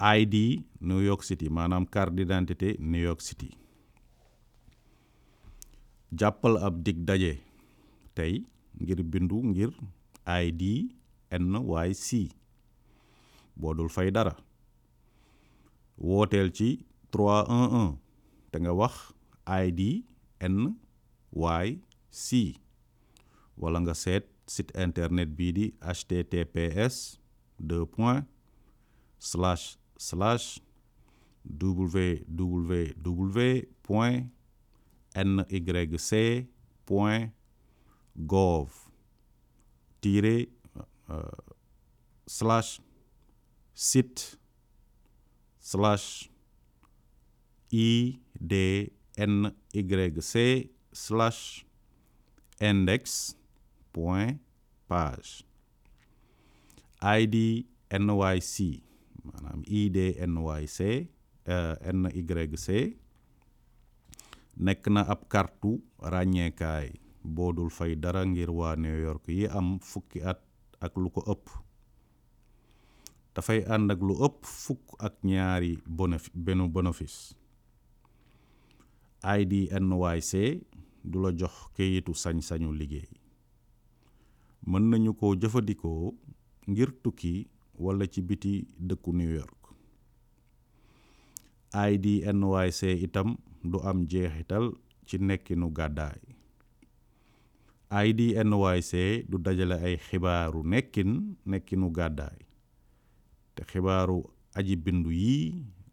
ID New York City maanaam carte d'identité New York City jàppal ab dig daje tey ngir bindu ngir ID NYC boo dul fay dara wooteel ci trois 311 te nga wax ID NYC wala nga seet site internet bii di https deux point slash slash www point nyc point gov tiré euh, slash site slash idnyc slash index point page id nyc maanaam IDNYC eh, NYC nekk na ab kartu ràññeekaay boo dul fay dara ngir waa New York yi am fukki at ak lu ko ëpp dafay ànd ak lu ëpp fukk ak ñaari bénéfice benn bénéfice IDNYC du la jox kayitu sañ-sañu liggéey mën nañu ko jëfandikoo ngir tukki wala ci biti dëkku New York IDNYC itam du am jeexital ci nekkinu gàddaay IDNYC du dajale ay xibaaru nekkin nekkinu gàddaay te xibaaru aji bindu yi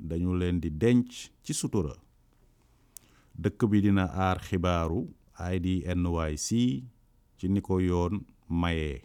dañu leen di denc ci sutura dëkk bi dina aar xibaaru IDNYC ci ni ko yoon mayee